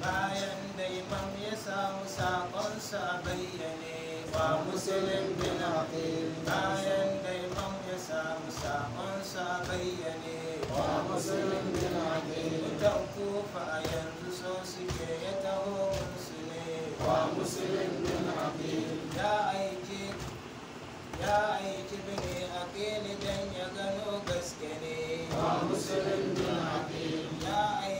bayan da imam ya samu sakonsa bayyane ba musulun bin haƙin bayan da imam ya samu sakonsa bayyane ba musulun bin haƙin mutan kufa a yanzu so suke ya taho musulun ba musulun bin haƙin ya aiki ya aiki bane a dan ya gano gaske ne ba musulun bin haƙin ya aiki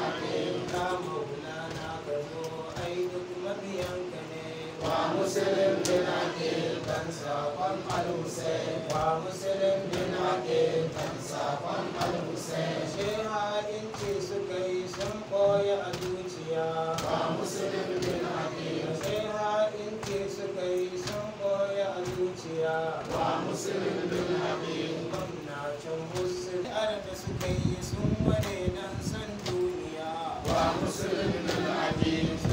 sakon al-Hussein wa musulmi na ƙetan sakon al-Hussein shi ha'inci suka yi sun koya a zuciya wa musulmi na ƙetan shi ha'inci suka yi sun koya a zuciya wa musulun musulmi na ƙetan gwamnatin musulmi da suka yi sun wane nan san duniya wa musulmi na ƙetan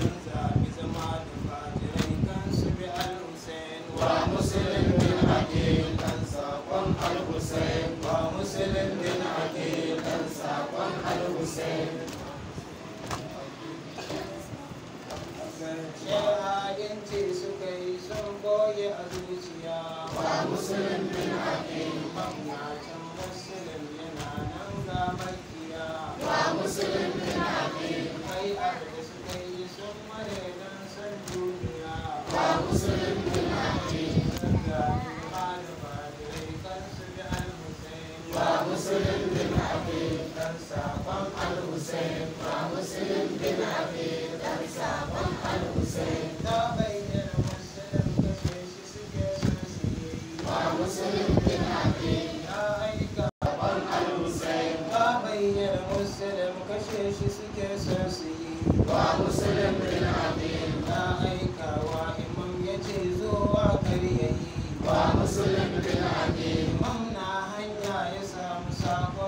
الحسين ومسلم بالعتيق انساق الحسين Yawa yanci suka yi sun koye a zuciya wa musulun yana nan dan sabon al-Hussein ba Muslim bin Abi ta musulun kashe shi suke yi ba Muslim bin Abi ya aika ta bayyana musulun kashe shi suke yi aika wa imam ya ce zuwa karyayi ba Muslim hanya ya samu sakon.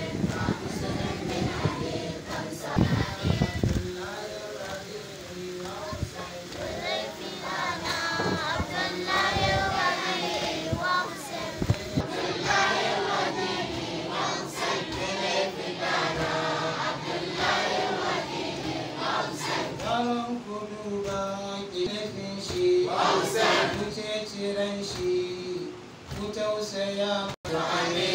Jaya